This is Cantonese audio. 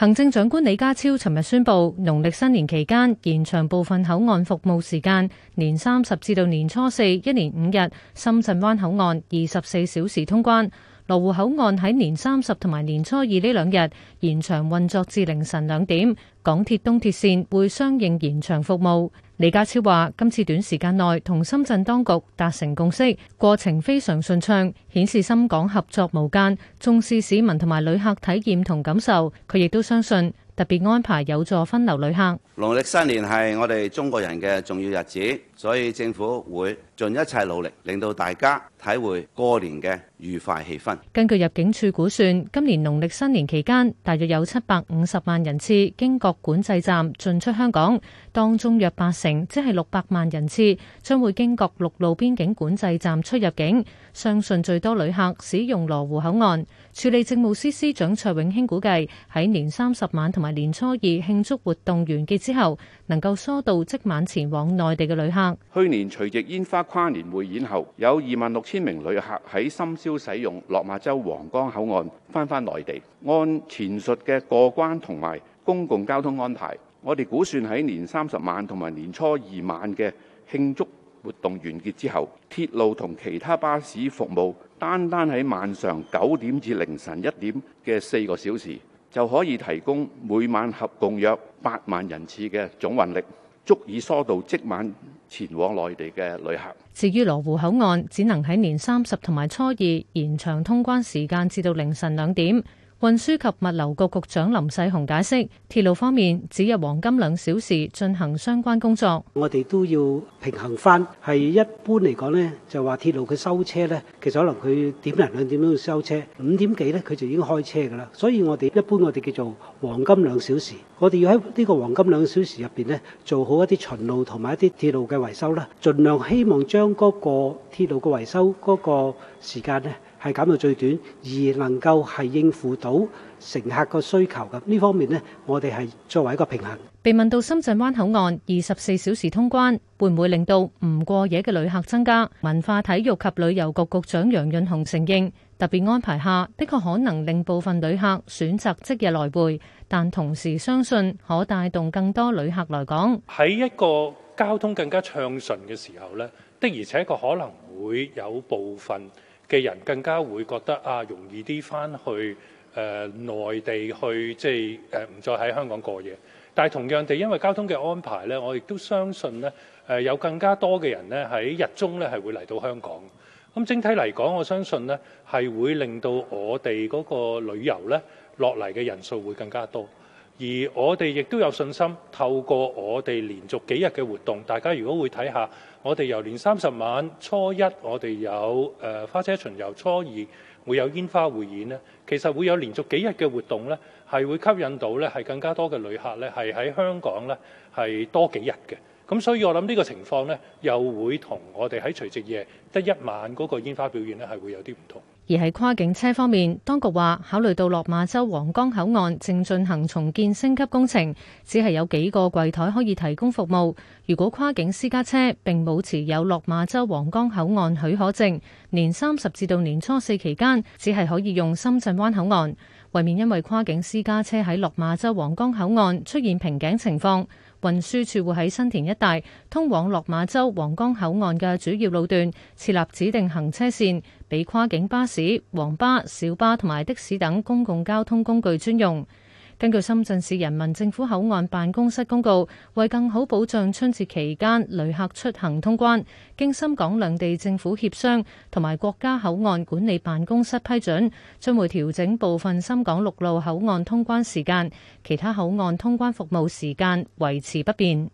行政長官李家超尋日宣布，農曆新年期間延長部分口岸服務時間，年三十至到年初四，一連五日，深圳灣口岸二十四小時通關。羅湖口岸喺年三十同埋年初二呢兩日延長運作至凌晨兩點，港鐵東鐵綫會相應延長服務。李家超話，今次短時間內同深圳當局達成共識，過程非常順暢，顯示深港合作無間，重視市民同埋旅客體驗同感受。佢亦都相信，特別安排有助分流旅客。農曆新年係我哋中國人嘅重要日子。所以政府會盡一切努力，令到大家體會過年嘅愉快氣氛。根據入境處估算，今年農曆新年期間大約有七百五十萬人次經各管制站進出香港，當中約八成，即係六百萬人次，將會經各陸路邊境管制站出入境。相信最多旅客使用羅湖口岸。處理政務司司長蔡永興估計，喺年三十晚同埋年初二慶祝活動完結之後，能夠疏導即晚前往內地嘅旅客。去年除夕煙花跨年匯演後，有二萬六千名旅客喺深宵使用落馬洲皇崗口岸翻返內地。按前述嘅過關同埋公共交通安排，我哋估算喺年三十晚同埋年初二晚嘅慶祝活動完結之後，鐵路同其他巴士服務，單單喺晚上九點至凌晨一點嘅四個小時，就可以提供每晚合共約八萬人次嘅總運力。足以疏導即晚前往內地嘅旅客。至於羅湖口岸，只能喺年三十同埋初二延長通關時間至到凌晨兩點。運輸及物流局局長林世雄解釋，鐵路方面只有黃金兩小時進行相關工作。我哋都要平衡翻，係一般嚟講咧，就話鐵路佢收車咧，其實可能佢點零兩點都要收車，五點幾咧佢就已經開車噶啦。所以我哋一般我哋叫做黃金兩小時，我哋要喺呢個黃金兩小時入邊咧，做好一啲巡路同埋一啲鐵路嘅維修啦，盡量希望將嗰個鐵路嘅維修嗰個時間咧，係減到最短而能夠係應付到乘客個需求嘅，呢方面呢，我哋係作為一個平衡。被問到深圳灣口岸24小時通關，會唔會令到唔過夜嘅旅客增加，文化體育及旅遊局局長楊潤雄承認，特別安排下的確可能令部分旅客選擇即日來回，但同時相信可帶動更多旅客來港。嘅人更加會覺得啊容易啲翻去誒呃、內地去即係誒唔再喺香港過夜，但係同樣地因為交通嘅安排咧，我亦都相信咧誒、呃、有更加多嘅人咧喺日中咧係會嚟到香港。咁、嗯、整體嚟講我相信咧係會令到我哋嗰個旅遊咧落嚟嘅人數會更加多。而我哋亦都有信心，透過我哋連續幾日嘅活動，大家如果會睇下，我哋由年三十晚初一我，我哋有誒花車巡遊，初二會有煙花匯演咧，其實會有連續幾日嘅活動咧，係會吸引到咧係更加多嘅旅客咧，係喺香港咧係多幾日嘅。咁所以我諗呢個情況咧，又會同我哋喺除夕夜得一晚嗰個煙花表演咧，係會有啲唔同。而係跨境車方面，當局話考慮到落馬洲皇崗口岸正進行重建升級工程，只係有幾個櫃台可以提供服務。如果跨境私家車並冇持有落馬洲皇崗口岸許可證，年三十至到年初四期間，只係可以用深圳灣口岸，為免因為跨境私家車喺落馬洲皇崗口岸出現瓶頸情況。運輸處會喺新田一帶通往落馬洲皇崗口岸嘅主要路段設立指定行車線，俾跨境巴士、黃巴、小巴同埋的士等公共交通工具專用。根據深圳市人民政府口岸辦公室公告，為更好保障春節期間旅客出行通關，經深港兩地政府協商同埋國家口岸管理辦公室批准，將會調整部分深港陸路口岸通關時間，其他口岸通關服務時間維持不變。